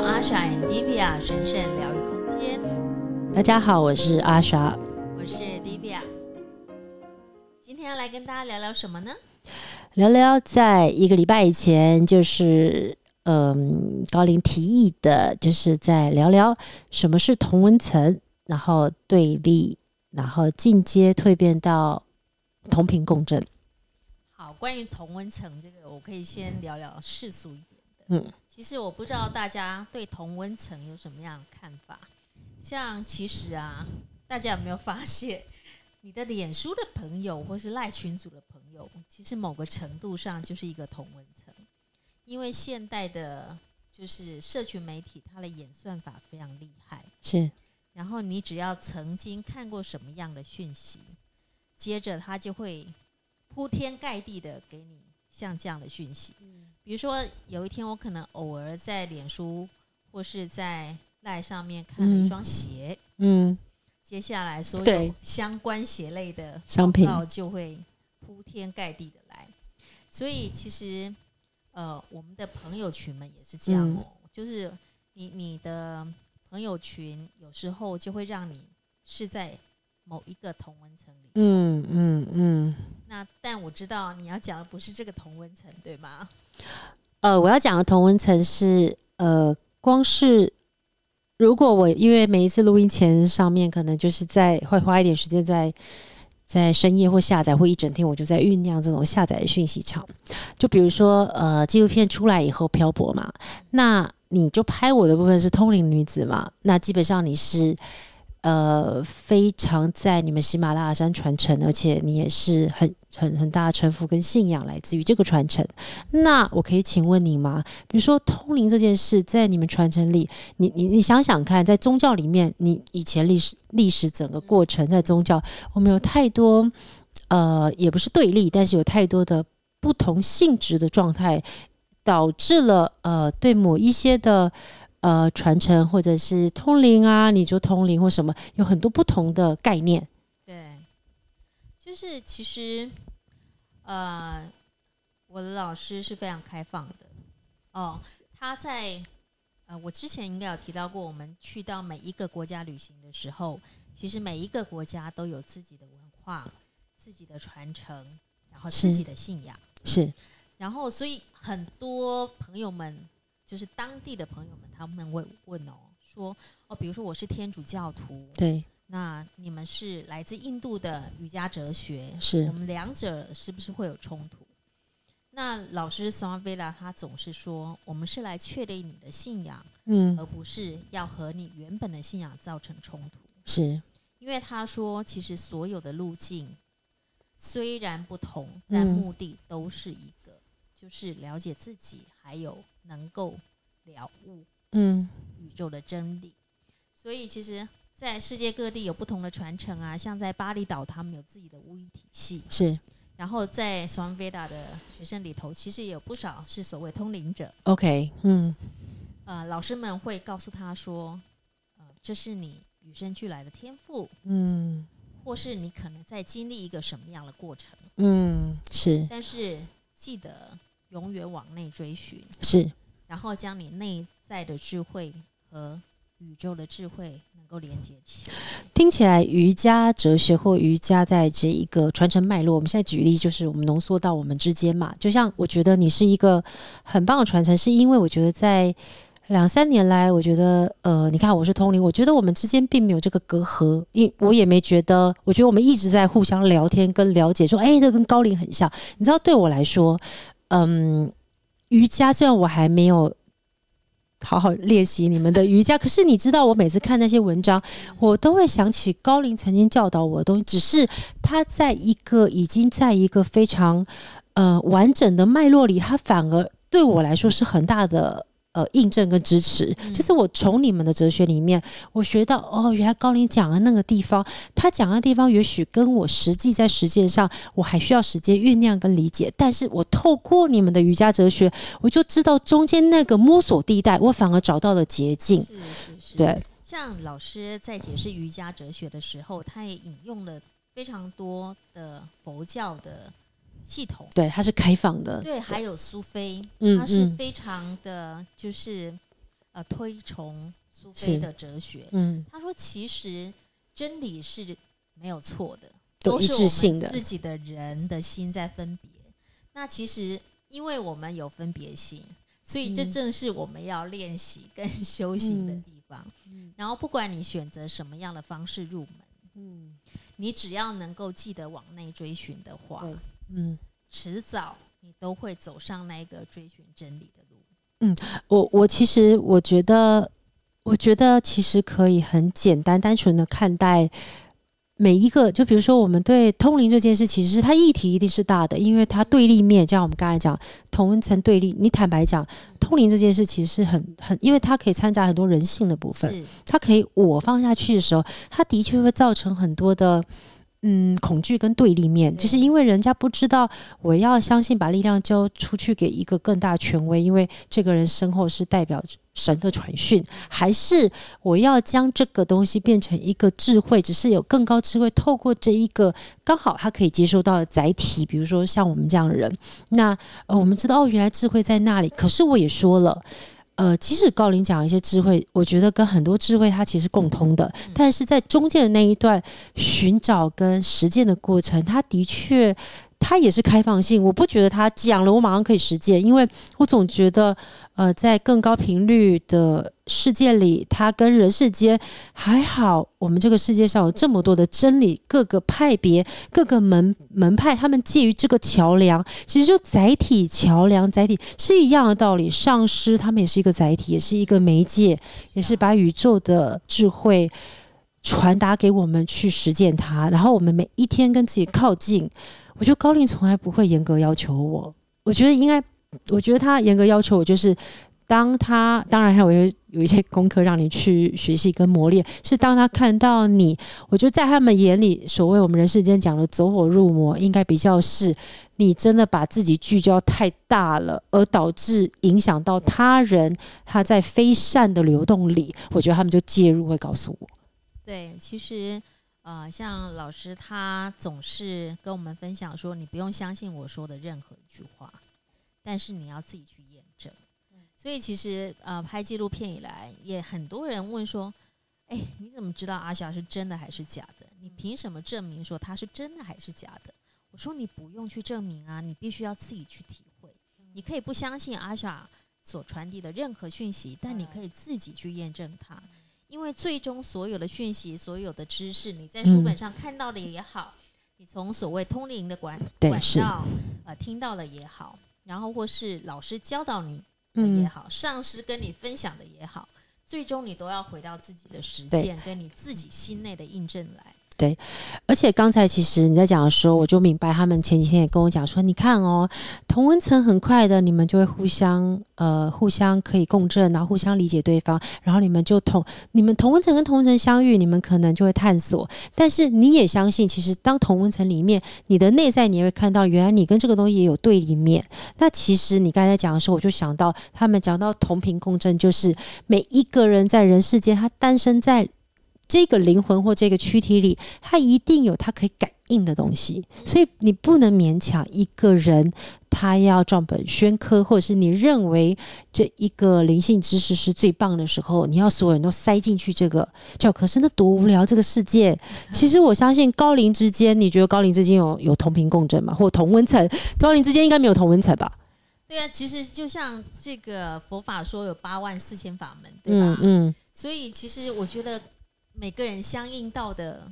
Asha Divya 神聖療癒空間，大家好，我是 Asha。我是 Divya，今天要來跟大家聊聊什麼呢？聊聊在一個禮拜以前，就是嗯高靈提議的，就是在聊聊什麼是同溫層，然後對立，然後進階蛻變到同頻共振。好，關於同溫層這個，我可以先聊聊世俗一點的，嗯。其實我不知道大家對同溫層有什麼樣的看法。像其實啊，大家有沒有發現，你的臉書的朋友或是賴群組的朋友，其實某個程度上就是一個同溫層，因為現代的就是社群媒體，它的演算法非常厲害。是。然後你只要曾經看過什麼樣的訊息，接着它就會鋪天蓋地的給你像這樣的訊息。嗯比如說，有一天我可能偶爾在臉書或是在賴上面看了一雙鞋嗯，嗯，接下來所有相關鞋類的商品就會鋪天蓋地的來。所以其實，呃，我們的朋友群們也是這樣哦、喔，嗯、就是你你的朋友群有時候就會讓你是在某一個同溫層裡嗯，嗯嗯嗯。那但我知道你要講的不是這個同溫層，對嗎？呃，我要講的同溫層是，呃，光是如果我因為每一次錄音前，上面可能就是在會花一點時間在在深夜或下載或一整天，我就在醞釀這種下載的訊息場。就比如說，呃，紀錄片出來以後漂泊嘛，嗯、那你就拍我的部分是通靈女子嘛，那基本上你是。呃，非常在你們喜馬拉雅山傳承，而且你也是很很很大的臣服跟信仰來自於這個傳承。那我可以請問你嗎？比如說通靈這件事，在你們傳承裡，你你你想想看，在宗教裡面，你以前歷史歷史整個過程，在宗教我們有太多呃，也不是對立，但是有太多的不同性質的狀態，導致了呃，對某一些的。呃，傳承或者是通靈啊，你就通靈或什麼，有很多不同的概念。對，就是其實，呃，我的老師是非常開放的。哦，他在呃，我之前應該有提到過，我們去到每一個國家旅行的時候，其實每一個國家都有自己的文化、自己的傳承，然後自己的信仰是。是然後，所以很多朋友們，就是當地的朋友們。他們問問哦，說哦，比如說我是天主教徒，對，那你們是來自印度的瑜伽哲學，是，我們兩者是不是會有衝突？那老師斯瓦米韋達他總是說，我們是來確定你的信仰，嗯，而不是要和你原本的信仰造成衝突。是因為他說，其實所有的路徑雖然不同，但目的都是一個，嗯、就是了解自己，還有能夠了悟。嗯，宇宙的真理。所以其實，在世界各地有不同的傳承啊，像在巴厘島，他們有自己的巫醫體系。是。然後在斯瓦米韋達的學生裡頭，其實也有不少是所謂通靈者。OK，嗯。後 okay, 嗯，呃，老師們會告訴他說，呃，這是你與生俱來的天賦。嗯。或是你可能在經歷一個什麼樣的過程。嗯，是。但是記得永遠往內追尋。是。然後將你內。在的智慧和宇宙的智慧能夠連接起來，聽起來瑜伽哲學或瑜伽在這一個傳承脈絡，我們現在舉例就是我們濃縮到我們之間嘛，就像我覺得你是一個很棒的傳承，是因為我覺得在兩三年來，我覺得呃，你看我是通靈，我覺得我們之間並沒有這個隔閡，因我也沒覺得，我覺得我們一直在互相聊天跟了解，說哎、欸，這個跟高靈很像，你知道對我來說，嗯，瑜伽雖然我還沒有。好好練習你們的瑜伽。可是你知道，我每次看那些文章，我都會想起高靈曾經教導我的東西。只是他在一個已經在一個非常呃完整的脈絡裡，他反而對我來說是很大的。呃，印證跟支持，嗯、就是我從你們的哲學裡面，我學到，哦，原來高靈講的那個地方，他講的地方也許跟我實際在實踐上，我還需要時間醞釀跟理解，但是我透過你們的瑜伽哲學，我就知道中間那個摸索地帶，我反而找到了捷徑。是是是，對。像老師在解釋瑜伽哲學的時候，他也引用了非常多的佛教的系統對，它是開放的。對，還有蘇菲，他是非常的，就是呃，推崇蘇菲的哲學。嗯，他說其實真理是沒有錯的，都是我們自己的人的心在分別。那其實，因為我們有分別心，所以這正是我們要練習跟修行的地方。然後，不管你選擇什麼樣的方式入門，你只要能夠記得往內追尋的話。嗯，遲早你都會走上那個追尋真理的路。嗯，我我其實我覺得，我覺得其實可以很簡單單純的看待每一個，就比如說我們對通靈這件事，其實它議題一定是大的，因為它對立面，就像我們剛才講同溫層對立。你坦白講，通靈這件事其實是很很，因為它可以摻雜很多人性的部分。它可以我放下去的時候，它的確會造成很多的。嗯，恐懼跟對立面，就是因為人家不知道我要相信，把力量交出去給一個更大權威，因為這個人身後是代表神的傳訊，還是我要將這個東西變成一個智慧，只是有更高智慧透過這一個剛好他可以接收到的載體，比如說像我們這樣的人，那，呃，我們知道哦，原來智慧在那裡，可是我也說了。呃，即使高靈講一些智慧，我覺得跟很多智慧它其實共通的，但是在中間的那一段尋找跟實踐的過程，它的確。它也是開放性，我不覺得他講了，我馬上可以實踐，因為我總覺得，呃，在更高頻率的世界裡，它跟人世間還好，我們這個世界上有這麼多的真理，各個派別、各個門門派，他們介於這個橋樑，其實就載體橋樑，載體是一樣的道理。上師他們也是一個載體，也是一個媒介，也是把宇宙的智慧傳達給我們去實踐它，然後我們每一天跟自己靠近。我覺得高靈從來不會嚴格要求我。我覺得應該，我覺得他嚴格要求我，就是當他當然還有有有一些功課讓你去學習跟磨練，是當他看到你，我覺得在他們眼裡，所謂我們人世間講的走火入魔，應該比較是你真的把自己聚焦太大了，而導致影響到他人，他在非善的流動裡，我覺得他們就介入會告訴我。對，其實。呃，像老師他總是跟我們分享說，你不用相信我說的任何一句話，但是你要自己去驗證。嗯。所以其實呃，拍紀錄片以來，也很多人問說，哎，你怎麼知道 Asha 是真的還是假的？你憑什麼證明說他是真的還是假的？我說你不用去證明啊，你必須要自己去體會。嗯。你可以不相信 Asha 所傳遞的任何訊息，但你可以自己去驗證它。嗯。因為最終所有的訊息、所有的知識，你在書本上看到的也好，嗯、你從所謂通靈的管對管道呃，聽到的也好，然後或是老師教導你也好，嗯、上師跟你分享的也好，最終你都要回到自己的實踐，對跟你自己心內的印證來。對，而且剛才其實你在講的時候，我就明白他們前幾天也跟我講說，你看哦，同溫層很快的，你們就會互相呃，互相可以共振，然後互相理解對方，然後你們就同你們同溫層跟同溫層相遇，你們可能就會探索。但是你也相信，其實當同溫層裡面，你的內在你也會看到，原來你跟這個東西也有對立面。那其實你剛才講的時候，我就想到他們講到同頻共振，就是每一個人在人世間，他誕生在。這個靈魂或這個軀體裡，它一定有它可以感應的東西，所以你不能勉強一個人，他要照本宣科，或者是你認為這一個靈性知識是最棒的時候，你要所有人都塞進去這個教科書，那多無聊！這個世界其實，我相信高靈之間，你覺得高靈之間有有同頻共振嗎？或同溫層？高靈之間應該沒有同溫層吧？對啊，其實就像這個佛法說有八萬四千法門，對吧？嗯，嗯，所以其實我覺得。每個人相應到的，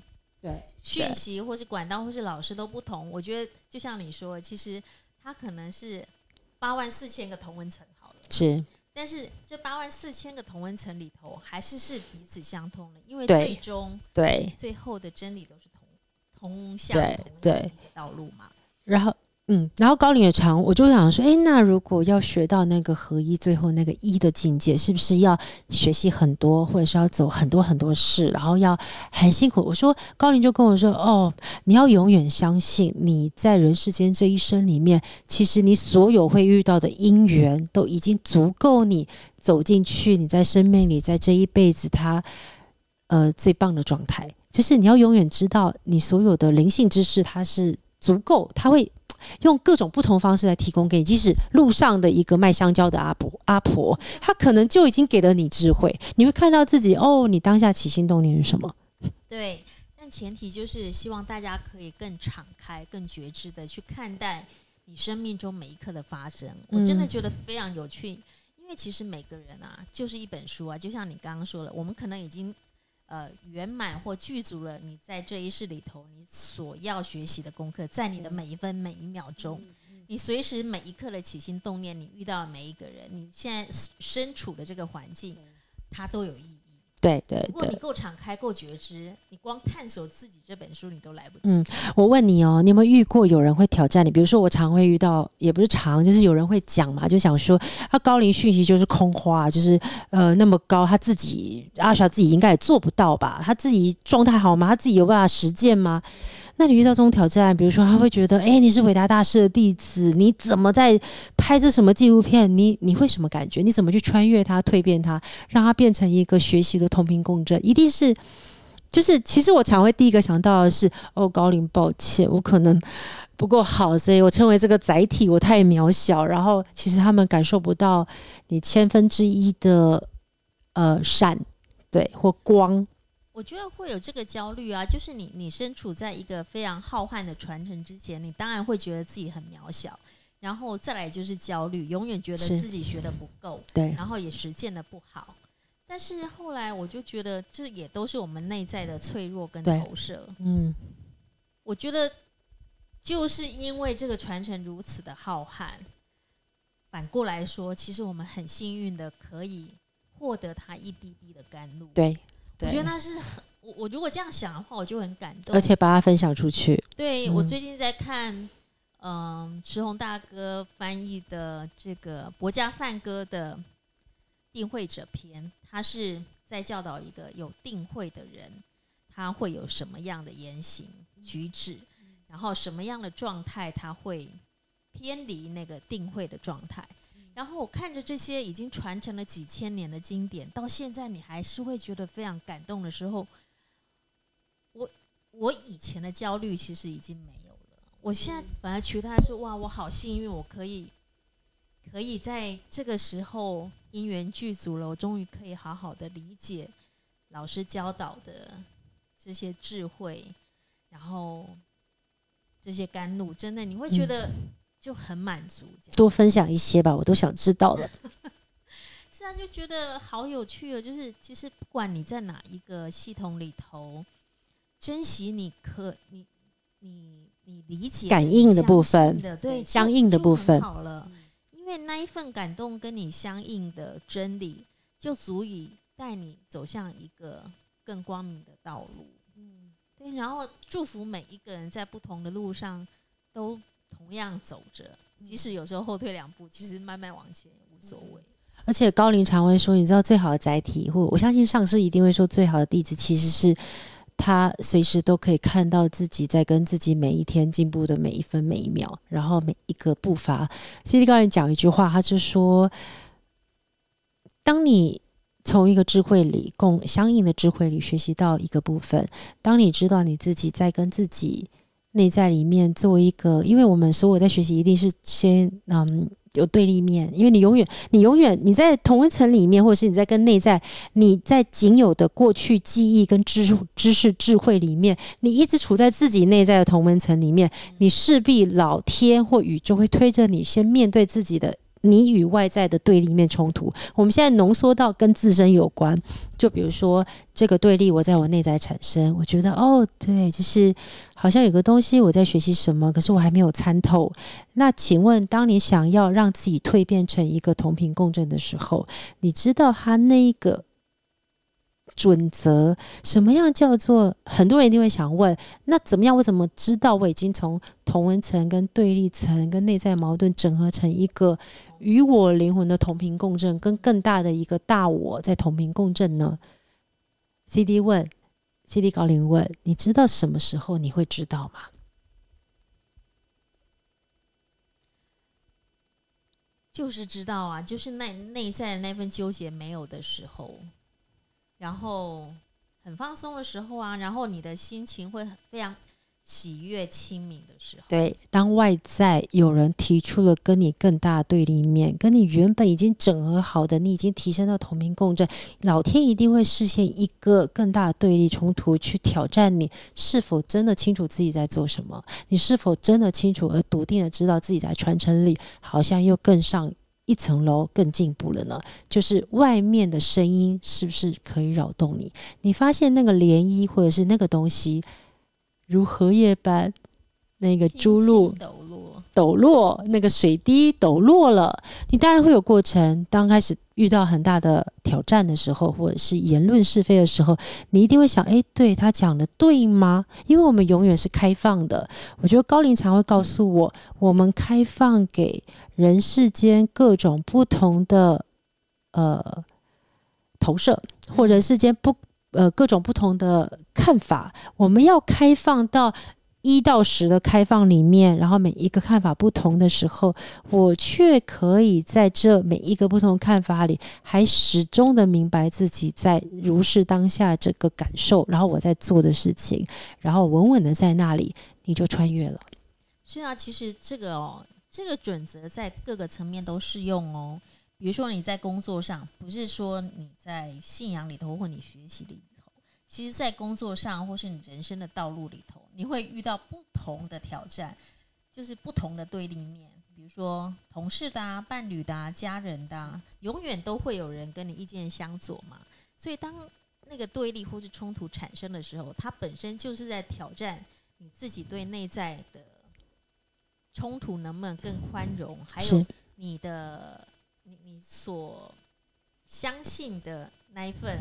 對訊息或是管道或是老師都不同。我覺得就像你說，其實他可能是八萬四千個同溫層好了，是。但是這八萬四千個同溫層裡頭，還是是彼此相通的，因為最終對最後的真理都是同同向的對道路嘛。然後。嗯，然後高靈也常，我就想說，誒，那如果要學到那個合一，最後那個一的境界，是不是要學習很多，或者是要走很多很多事，然後要很辛苦？我說高靈就跟我說，哦，你要永遠相信，你在人世間這一生裡面，其實你所有會遇到的因緣都已經足夠你走進去，你在生命裡在這一輩子它，它呃最棒的狀態，就是你要永遠知道，你所有的靈性知識它是足夠，它會。用各種不同方式來提供給你，即使路上的一個賣香蕉的阿伯阿婆，他可能就已經給了你智慧。你會看到自己哦，你當下起心動念是什麼？對，但前提就是希望大家可以更敞開、更覺知的去看待你生命中每一刻的發生。嗯，我真的覺得非常有趣，因為其實每個人啊，就是一本書啊，就像你剛剛說的，我們可能已經。呃，圓滿或具足了，你在這一世裡頭，你所要學習的功課，在你的每一分每一秒鐘，對你隨時每一刻的起心動念，你遇到的每一個人，你現在身處的這個環境，對它都有意義。對對對，對對，如果你夠敞開、夠覺知，你光探索自己這本書你都來不及。嗯，我問你哦、喔，你有沒有遇過有人會挑戰你？比如說，我常會遇到，也不是常，就是有人會講嘛，就想說他高靈訊息就是空話，就是呃那麼高，他自己阿莎自己應該也做不到吧？他自己狀態好嗎？他自己有辦法實踐嗎？嗯那你遇到這種挑戰，比如說他會覺得，哎、欸，你是韋達大師的弟子，你怎麼在拍着什麼紀錄片？你你會什麼感覺？你怎麼去穿越它、蛻變它，讓它變成一個學習的同頻共振？一定是，就是其實我常會第一個想到的是，哦，高靈，抱歉，我可能不夠好，所以我成為這個載體，我太渺小，然後其實他們感受不到你千分之一的呃，善，對或光。我覺得會有這個焦慮啊，就是你你身處在一個非常浩瀚的傳承之前，你當然會覺得自己很渺小，然後再來就是焦慮，永遠覺得自己學的不夠，對，然後也實踐的不好。但是後來我就覺得，這也都是我們內在的脆弱跟投射。嗯，我覺得就是因為這個傳承如此的浩瀚，反過來說，其實我們很幸運的可以獲得它一滴滴的甘露。對。我覺得他是很我我如果這樣想的話，我就很感動，而且把它分享出去。對，嗯、我最近在看，嗯、呃，石洪大哥翻譯的這個《薄伽梵歌》的《定慧者篇》，他是在教導一個有定慧的人，他會有什麼樣的言行舉止，嗯、然後什麼樣的狀態他會偏離那個定慧的狀態。然後我看着這些已經傳承了幾千年的經典，到現在你還是會覺得非常感動的時候，我我以前的焦慮其實已經沒有了。我現在反而覺得說，哇，我好幸運，我可以可以在這個時候因緣具足了，我終於可以好好的理解老師教導的這些智慧，然後這些甘露，真的你會覺得。嗯就很滿足，多分享一些吧，我都想知道了。現在就覺得好有趣哦。就是其實不管你在哪一個系統裡頭，珍惜你可你你你理解感應的部分的對相應的部分就就好了，嗯，因為那一份感動跟你相應的真理，就足以帶你走向一個更光明的道路。嗯，對。然後祝福每一個人在不同的路上都。同樣走着，即使有時候後退兩步，其實慢慢往前也無所謂。而且高靈常會說，你知道最好的載體，或我相信上師一定會說，最好的弟子其實是他隨時都可以看到自己在跟自己每一天進步的每一分每一秒，然後每一個步伐。CD 高靈講一句話，他就說：當你從一個智慧裡，共相應的智慧裡學習到一個部分，當你知道你自己在跟自己。內在裡面，作為一個，因為我們所有在學習，一定是先嗯有對立面，因為你永遠，你永遠你在同溫層裡面，或者是你在跟內在，你在僅有的過去記憶跟知知識智慧裡面，你一直處在自己內在的同溫層裡面，你勢必老天或宇宙會推着你先面對自己的。你與外在的對立面衝突，我們現在濃縮到跟自身有關。就比如說，這個對立我在我內在產生，我覺得哦，對，就是好像有個東西我在學習什麼，可是我還沒有參透。那請問，當你想要讓自己蛻變成一個同頻共振的時候，你知道他那一個準則什麼樣？叫做很多人一定會想問：那怎麼樣？我怎麼知道我已經從同溫層跟對立層跟內在矛盾整合成一個？與我靈魂的同頻共振，跟更大的一個大我在同頻共振呢？C D 問，C D 高靈問，CD 1, CD 1，你知道什麼時候你會知道嗎？就是知道啊，就是內內在那份糾結沒有的時候，然後很放鬆的時候啊，然後你的心情會非常，喜悅清明的時候，對，當外在有人提出了跟你更大的對立面，跟你原本已經整合好的，你已經提升到同頻共振，老天一定會示現一個更大的對立衝突，去挑戰你是否真的清楚自己在做什麼？你是否真的清楚而篤定的知道自己在傳承裡好像又更上一層樓，更進步了呢？就是外面的聲音是不是可以擾動你？你發現那個漣漪或者是那個東西？如荷葉般，那個珠露抖落，抖落，那個水滴抖落了，你當然會有過程。當開始遇到很大的挑戰的時候，或者是言論是非的時候，你一定會想：誒、哎，對他講的對嗎？因為我們永遠是開放的。我覺得高靈才會告訴我，我們開放給人世間各種不同的呃投射，或者世間不。呃，各種不同的看法，我們要開放到一到十的開放裡面，然後每一個看法不同的時候，我卻可以在這每一個不同看法裡，還始終的明白自己在如是當下這個感受，然後我在做的事情，然後穩穩的在那裡，你就穿越了。是啊，其實這個哦，這個準則在各個層面都適用哦。比如說你在工作上，不是說你在信仰裡頭或你學習裡頭，其實在工作上或是你人生的道路裡頭，你會遇到不同的挑戰，就是不同的對立面。比如說同事的、啊、伴侶的、啊、家人的、啊，永遠都會有人跟你意見相左嘛。所以當那個對立或是衝突產生的時候，它本身就是在挑戰你自己對內在的衝突能不能更寬容，還有你的。所相信的那一份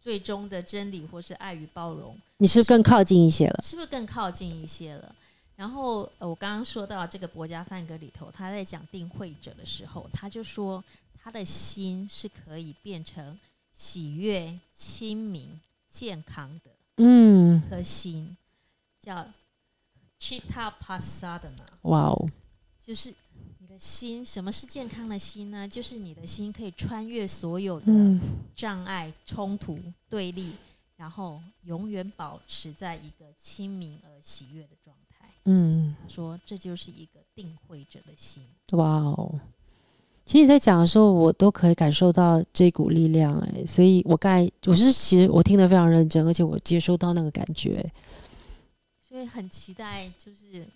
最終的真理，或是愛與包容，你是不是更靠近一些了？是不是更靠近一些了？然後我剛剛說到這個薄伽梵歌裡頭，他在講定慧者的時候，他就說他的心是可以變成喜悅、清明、健康的，嗯，核心叫 chitta prasadana，哇哦，就是。的心，什麼是健康的心呢？就是你的心可以穿越所有的障礙、衝突、對立，然後永遠保持在一個清明而喜悅的狀態。嗯，說這就是一個定慧者的心。哇哦！其實你在講的時候，我都可以感受到這股力量哎、欸，所以我剛才我是其實我聽得非常認真，而且我接收到那個感覺，所以很期待就是。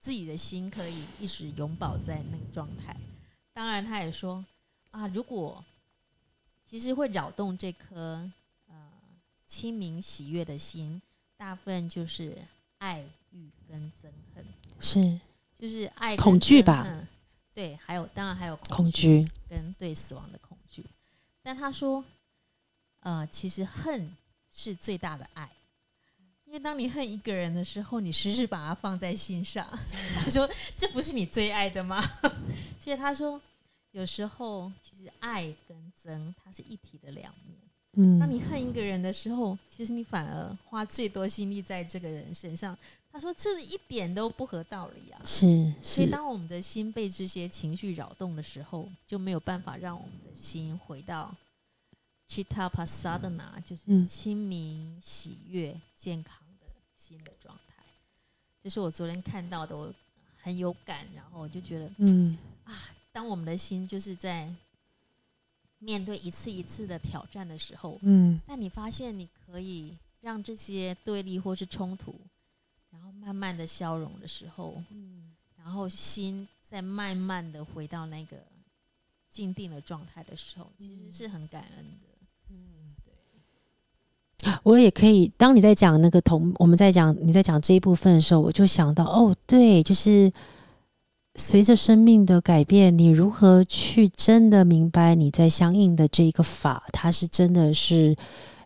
自己的心可以一直永保在那個狀態。當然，他也說啊，如果其實會擾動這顆呃清明喜悅的心，大部分就是愛慾跟憎恨，是就是愛恐懼吧？對，還有當然還有恐懼跟對死亡的恐懼。但他說，呃，其實恨是最大的愛。因為當你恨一個人的時候，你時時把他放在心上。 他說：“這不是你最愛的嗎？”其 實他說：“有時候其實愛跟憎，它是一體的兩面。嗯，當你恨一個人的時候，其實你反而花最多心力在這個人身上。”他說：“這一點都不合道理啊！”是，是。所以當我們的心被這些情緒擾動的時候，就沒有辦法讓我們的心回到 chitta pasadana, 就是清明、嗯、喜悅、健康。的狀態，這是我昨天看到的，我很有感，然後我就覺得，嗯啊，當我們的心就是在面對一次一次的挑戰的時候，嗯，但你發現你可以讓這些對立或是衝突，然後慢慢的消融的時候，嗯，然後心在慢慢的回到那個靜定的狀態的時候，其實是很感恩的。我也可以。當你在講那個同，我們在講你在講這一部分的時候，我就想到，哦，對，就是隨着生命的改變，你如何去真的明白，你在相應的這一個法，它是真的是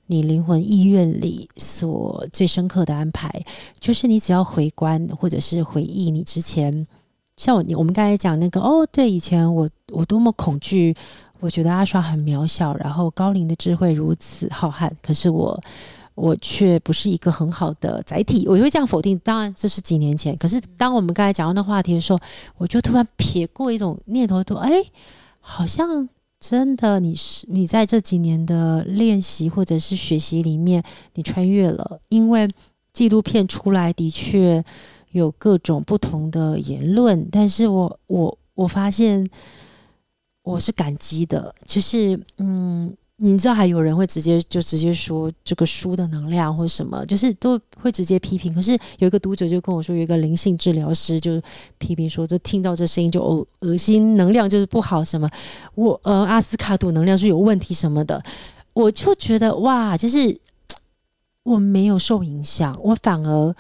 你靈魂意願裡所最深刻的安排。就是你只要回觀，或者是回憶你之前，像我，你我們剛才講那個，哦，對，以前我我多麼恐懼。我覺得 Asha 很渺小，然後高靈的智慧如此浩瀚，可是我，我卻不是一個很好的載體。我就會這樣否定，當然這是幾年前。可是當我們剛才講到那話題的時候，我就突然撇過一種念頭，說：“哎，好像真的你，你是你在這幾年的練習或者是學習裡面，你穿越了。因為紀錄片出來的確有各種不同的言論，但是我我我發現。”我是感激的，就是嗯，你知道還有人會直接就直接說這個書的能量或什麼，就是都會直接批評。可是有一個讀者就跟我說，有一個靈性治療師就批評說，就聽到這聲音就嘔噁心，能量就是不好什麼。我呃，阿斯卡杜能量是有問題什麼的，我就覺得哇，就是我沒有受影響，我反而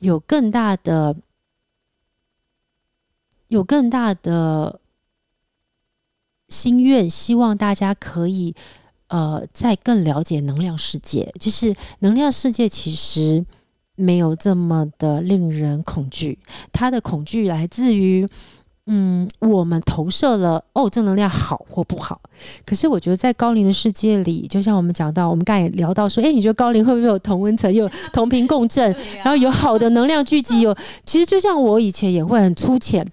有更大的，有更大的。心願希望大家可以，呃，再更了解能量世界。就是能量世界其實沒有這麼的令人恐懼，它的恐懼來自於，嗯，我們投射了哦，正能量好或不好。可是我覺得在高靈的世界裡，就像我們講到，我們剛才也聊到說，哎、欸，你覺得高靈會不會有同溫層，有同頻共振，然後有好的能量聚集？有其實就像我以前也會很粗淺、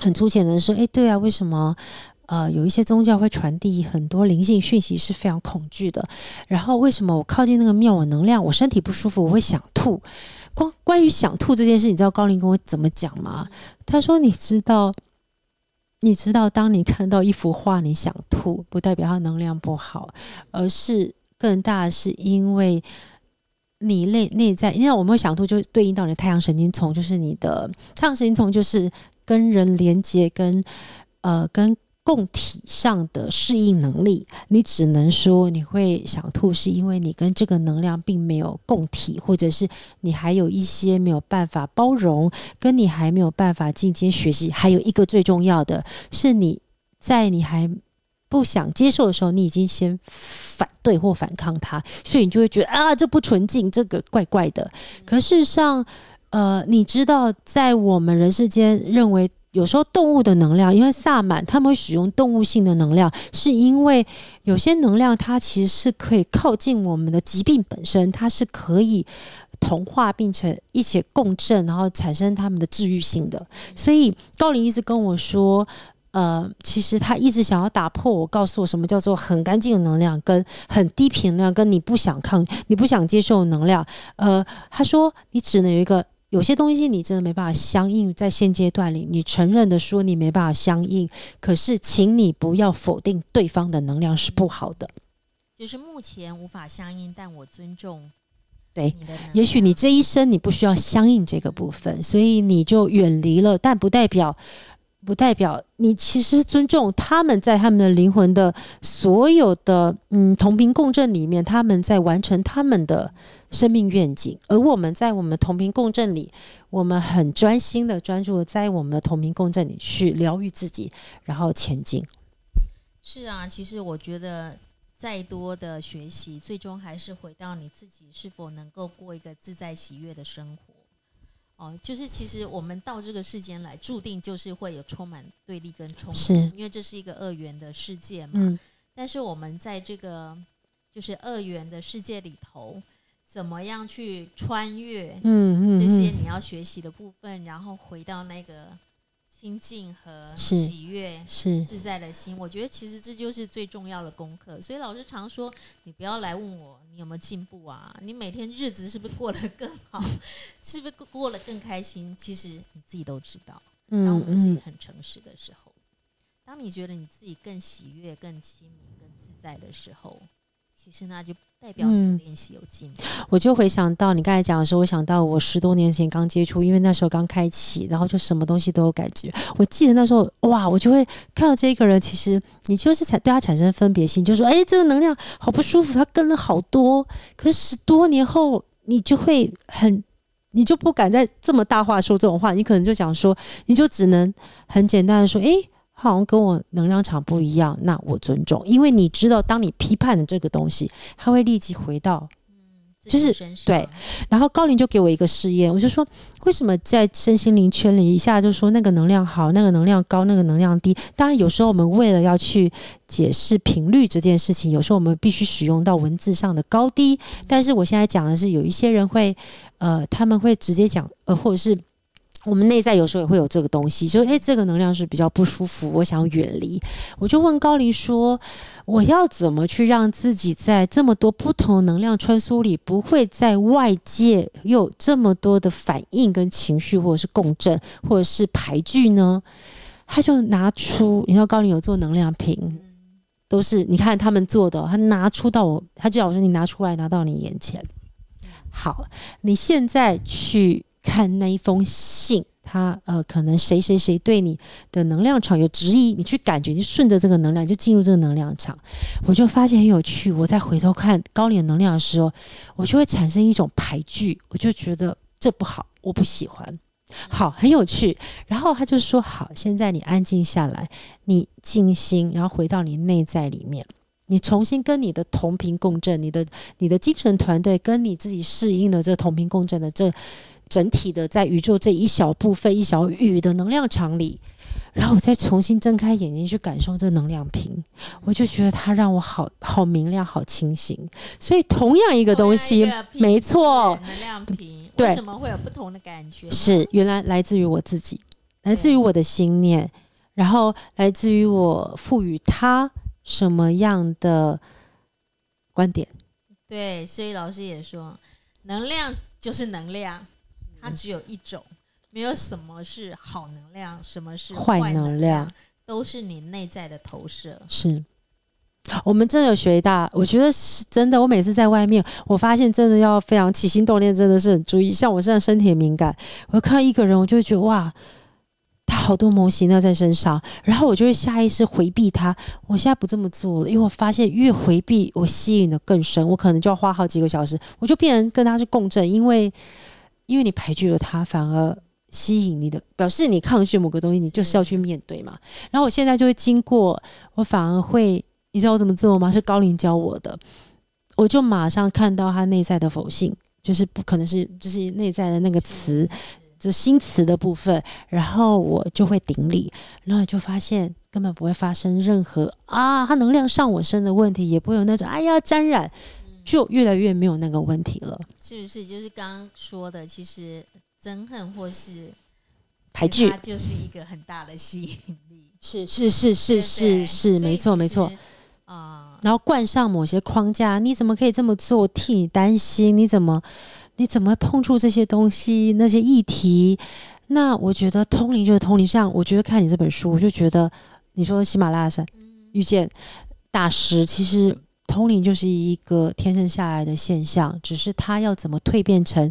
很粗淺的說，哎、欸，對啊，為什麼？呃，有一些宗教會傳遞很多靈性訊息，是非常恐懼的。然後為什麼我靠近那個廟，我能量我身體不舒服，我會想吐？關關於想吐這件事，你知道高靈跟我怎麼講嗎？他說：“你知道，你知道，當你看到一幅畫，你想吐，不代表它能量不好，而是更大的是因為你內內在。因為我們會想吐，就對應到你的太陽神經叢，就是你的太陽神經叢，就是跟人連接，跟呃，跟。”共體上的適應能力，你只能說你會想吐，是因為你跟這個能量並沒有共體，或者是你還有一些沒有辦法包容，跟你還沒有辦法進階學習。還有一個最重要的是，你在你還不想接受的時候，你已經先反對或反抗它，所以你就會覺得啊，這不純淨，這個怪怪的。可是事實上，呃，你知道，在我們人世間認為。有時候動物的能量，因為薩滿他們會使用動物性的能量，是因為有些能量它其實是可以靠近我們的疾病本身，它是可以同化並且一起共振，然後產生他們的治癒性的。所以高靈一直跟我說，呃，其實他一直想要打破我，告訴我什麼叫做很乾淨的能量，跟很低頻的能量，跟你不想抗，你不想接受的能量。呃，他說你只能有一個。有些東西你真的沒辦法相應，在現階段裡，你承認的說你沒辦法相應，可是，請你不要否定對方的能量是不好的，嗯，就是目前無法相應，但我尊重。對，也許你這一生你不需要相應這個部分，所以你就遠離了，但不代表。不代表你其實尊重他們在他們的靈魂的所有的嗯同頻共振裡面，他們在完成他們的生命願景，而我們在我們的同頻共振裡，我們很專心的專注在我們的同頻共振裡去療癒自己，然後前進。是啊，其實我覺得再多的學習，最終還是回到你自己是否能夠過一個自在喜悅的生活。哦，就是其實我們到這個世間來，注定就是會有充滿對立跟衝突，是因為這是一個二元的世界嘛。嗯、但是我們在這個就是二元的世界裡頭，怎麼樣去穿越？嗯，這些你要學習的部分，嗯嗯嗯、然後回到那個。心境和喜悅、是自在的心，我覺得其實這就是最重要的功課。所以老師常說，你不要來問我你有沒有進步啊，你每天日子是不是過得更好， 是不是過得更開心？其實你自己都知道。當我們自己很誠實的時候，嗯、當你覺得你自己更喜悅、更清明、更自在的時候，其實那就。代表練習有進、嗯，我就回想到你剛才講的時候，我想到我十多年前剛接觸，因為那時候剛開啟，然後就什麼東西都有感覺。我記得那時候，哇，我就會看到這一個人，其實你就是產對他產生分別心，就說，哎、欸，這個能量好不舒服，他跟了好多。可是十多年後，你就會很，你就不敢再這麼大話說這種話，你可能就想說，你就只能很簡單的說，哎、欸。好像跟我能量場不一樣，那我尊重，因為你知道，當你批判的這個東西，它會立即回到，就是、嗯、對。然後高靈就給我一個試驗，我就說，為什麼在身心靈圈裡一下就說那個能量好，那個能量高，那個能量低？當然有時候我們為了要去解釋頻率這件事情，有時候我們必須使用到文字上的高低。但是我現在講的是，有一些人會，呃，他們會直接講，呃，或者是。我們內在有時候也會有這個東西，就誒、欸，這個能量是比較不舒服，我想遠離。我就問高靈說：“我要怎麼去讓自己在這麼多不同的能量穿梭裡，不會在外界有這麼多的反應跟情緒，或者是共振，或者是排拒呢？”他就拿出，你知道高靈有做能量瓶，都是你看他們做的，他拿出到我，他叫我說：“你拿出來，拿到你眼前。”好，你現在去。看那一封信，他呃，可能誰誰誰對你的能量場有質疑，你去感覺，就順着這個能量，就進入這個能量場。我就發現很有趣，我在回頭看高靈能量的時候，我就會產生一種排拒，我就覺得這不好，我不喜歡。好，很有趣。然後他就說，好，現在你安靜下來，你靜心，然後回到你內在裡面，你重新跟你的同頻共振，你的你的精神團隊跟你自己適應的這同頻共振的這。整體的在宇宙這一小部分一小域的能量場裡，然後我再重新睜開眼睛去感受這能量瓶，我就覺得它讓我好好明亮、好清醒。所以同樣一個東西，沒錯，能量瓶，對，為什麼會有不同的感覺？是原來來自於我自己，來自於我的心念，對然後來自於我賦予它什麼樣的觀點。對，所以老師也說，能量就是能量。它只有一種，沒有什麼是好能量，什麼是壞能量，能量都是你內在的投射。是，我們真的有學到，大，我覺得是真的。我每次在外面，我發現真的要非常起心動念，真的是很注意。像我現在身體很敏感，我看到一個人，我就會覺得哇，他好多模型呢在身上，然後我就會下意識回避他。我現在不這麼做了，因為我發現越回避，我吸引的更深。我可能就要花好幾個小時，我就變成跟他是共振，因為。因為你排拒了他，反而吸引你的，表示你抗拒某個東西，你就是要去面對嘛。的然後我現在就會經過，我反而會，你知道我怎麼做嗎？是高靈教我的，我就馬上看到他內在的佛性，就是不可能是，就是內在的那個詞，是的就新詞的部分，然後我就會頂禮，然後就發現根本不會發生任何啊，他能量上我身的問題，也不會有那種哎呀沾染。就越來越沒有那個問題了，是不是？就是剛剛說的，其實憎恨或是排拒它就是一個很大的吸引力。氣 是是是是是是，沒錯錯沒錯錯啊。呃、然後冠上某些框架，你怎麼可以這麼做？替你擔心，你怎麼你怎麼碰觸這些東西那些議題？那我覺得通靈就是通靈，像我覺得看你這本書，我就覺得你說喜馬拉雅山、嗯、遇見大師，其實。通靈就是一個天生下來的現象，只是它要怎麼蛻變成，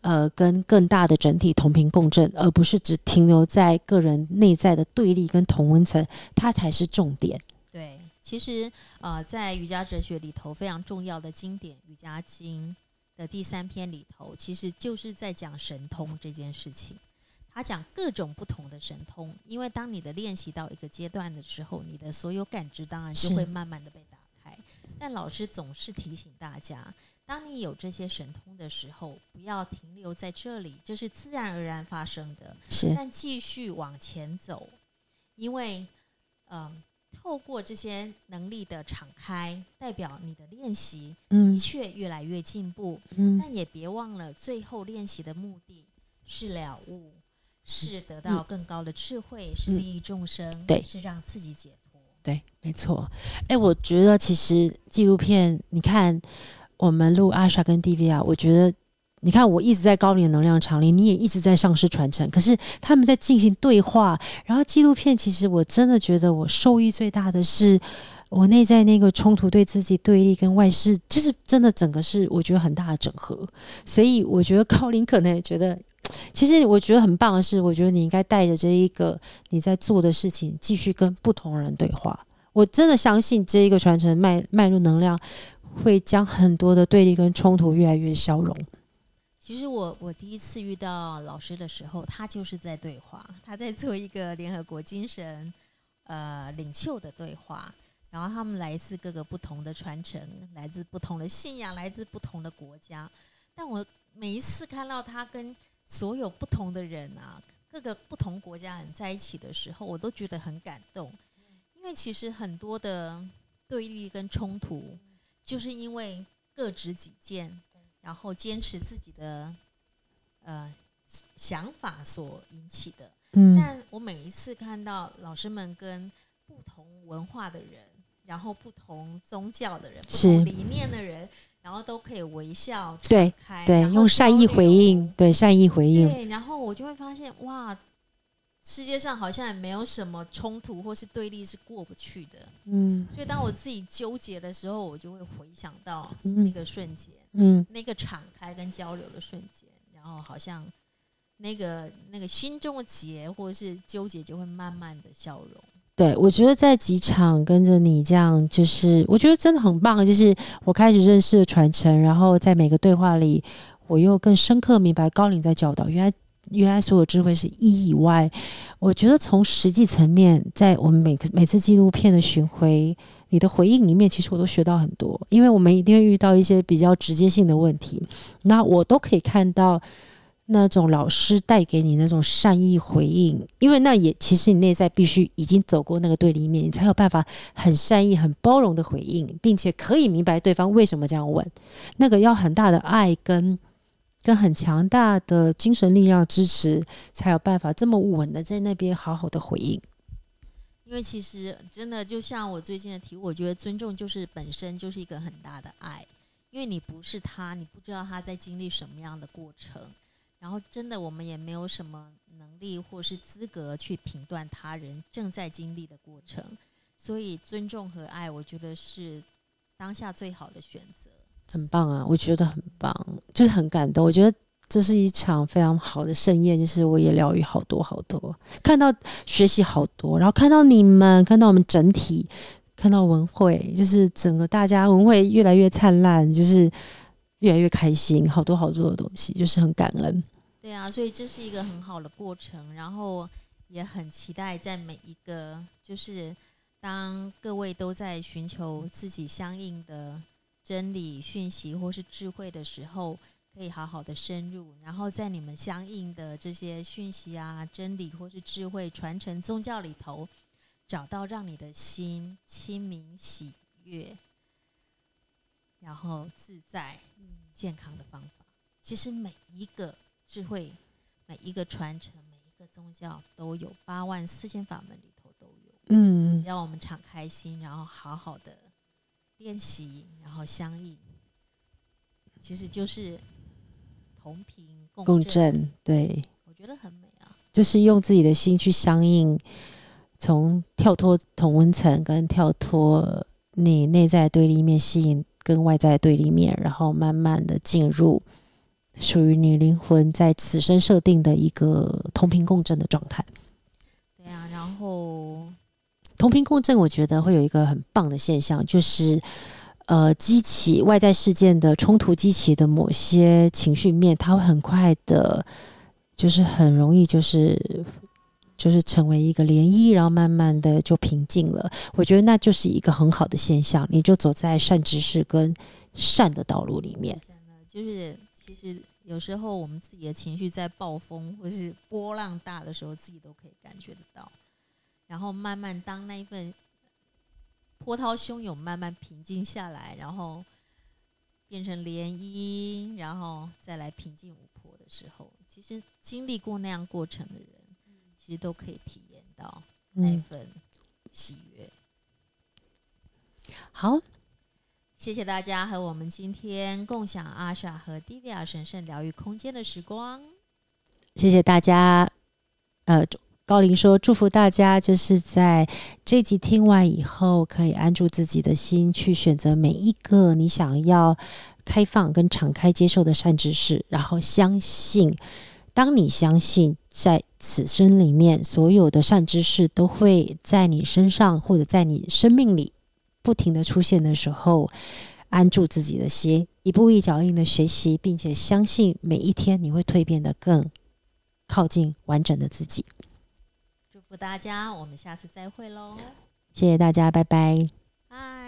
呃，跟更大的整體同頻共振，而不是只停留在個人內在的對立跟同溫層，它才是重點。對，其實呃，在瑜伽哲學裡頭非常重要的經典《瑜伽經》的第三篇裡頭，其實就是在講神通這件事情。他講各種不同的神通，因為當你的練習到一個階段的時候，你的所有感知當然就會慢慢的被。但老師總是提醒大家，當你有這些神通的時候，不要停留在這裡，這是自然而然發生的。是，但繼續往前走，因為，嗯、呃，透過這些能力的敞開，代表你的練習，嗯，的確越來越進步。嗯，但也別忘了，最後練習的目的是了悟，是得到更高的智慧，是利益眾生、嗯嗯，對，是讓自己解脫。對，沒錯。哎，我覺得其實紀錄片，你看我們錄 Asha 跟 Divya，我覺得你看我一直在高靈的能量場裡，你也一直在上師傳承。可是他們在進行對話，然後紀錄片其實我真的覺得我受益最大的是，我內在那個衝突、對自己對立跟外事，就是真的整個是我覺得很大的整合。所以我覺得高靈可能也覺得。其實我覺得很棒的是，我覺得你應該帶着這一個你在做的事情，繼續跟不同人對話。我真的相信這一個傳承脈脈入能量，會將很多的對立跟衝突越來越消融。其實我我第一次遇到老師的時候，他就是在對話，他在做一個聯合國精神呃領袖的對話，然後他們來自各個不同的傳承，來自不同的信仰，來自不同的國家。但我每一次看到他跟所有不同的人啊，各個不同國家人在一起的時候，我都覺得很感動，因為其實很多的對立跟衝突，就是因為各執己見，然後堅持自己的呃想法所引起的。嗯，但我每一次看到老師們跟不同文化的人，然後不同宗教的人、不同理念的人。然後都可以微笑敞開，對，對，用善意回應，對善意回應。對，然後我就會發現，哇，世界上好像也沒有什麼衝突或是對立是過不去的。嗯，所以當我自己糾結的時候，我就會回想到那個瞬間，嗯，嗯那個敞開跟交流的瞬間，然後好像那個那個心中的結或是糾結就會慢慢的消融。對，我覺得在機場跟着你這樣，就是我覺得真的很棒。就是我開始認識了傳承，然後在每個對話裡，我又更深刻明白高靈在教導。原來，原來所有智慧是一以外。我覺得從實際層面，在我們每每次紀錄片的巡回，你的回應裡面，其實我都學到很多。因為我們一定會遇到一些比較直接性的問題，那我都可以看到。那種老師帶給你那種善意回應，因為那也其實你內在必須已經走過那個對立面，你才有辦法很善意、很包容的回應，並且可以明白對方為什麼這樣問。那個要很大的愛跟跟很強大的精神力量支持，才有辦法這麼穩的在那邊好好的回應。因為其實真的就像我最近的題，我覺得尊重就是本身就是一個很大的愛，因為你不是他，你不知道他在經歷什麼樣的過程。然後真的，我們也沒有什麼能力，或是資格去評斷他人正在經歷的過程，所以尊重和愛，我覺得是當下最好的選擇。很棒啊，我覺得很棒，就是很感動。我覺得這是一場非常好的盛宴，就是我也療癒好多好多，看到學習好多，然後看到你們，看到我們整體，看到雯慧，就是整個大家雯慧越來越燦爛，就是越來越開心，好多好多的東西，就是很感恩。對啊，所以這是一個很好的過程，然後也很期待在每一個，就是當各位都在尋求自己相應的真理訊息或是智慧的時候，可以好好的深入，然後在你們相應的這些訊息啊、真理或是智慧傳承宗教裡頭，找到讓你的心清明、喜悅，然後自在、健康的方法。其實每一個。智慧，每一個傳承，每一個宗教都有八萬四千法門，裡頭都有。嗯，只要我們敞開心，然後好好的練習，然後相應，其實就是同頻共振。共振，對。我覺得很美啊。就是用自己的心去相應，從跳脫同溫層，跟跳脫你內在對立面吸引，跟外在對立面，然後慢慢的進入，屬於你靈魂在此生設定的一個同頻共振的狀態，對啊。然後同頻共振，我覺得會有一個很棒的現象，就是呃，激起外在事件的衝突激起的某些情緒面，它會很快的，就是很容易，就是就是成為一個漣漪，然後慢慢的就平靜了。我覺得那就是一個很好的現象，你就走在善知識跟善的道路裡面，就是其實。有時候我們自己的情緒在暴風或是波浪大的時候，自己都可以感覺得到。然後慢慢當那一份波濤洶湧慢慢平靜下來，然後變成漣漪，然後再來平靜無波的時候，其實經歷過那樣過程的人，嗯、其實都可以體驗到那份喜悅。嗯、好。謝謝大家和我們今天共享阿莎和 Divya 神聖療癒空間的時光。謝謝大家。呃，高靈說祝福大家，就是在這集聽完以後，可以安住自己的心，去選擇每一個你想要開放跟敞開接受的善知識，然後相信，當你相信，在此生裡面所有的善知識都會在你身上或者在你生命裡。不停的出現的時候，安住自己的心，一步一腳印的學習，並且相信每一天你會蛻變得更靠近完整的自己。祝福大家，我們下次再會嘍！謝謝大家，拜拜，嗨。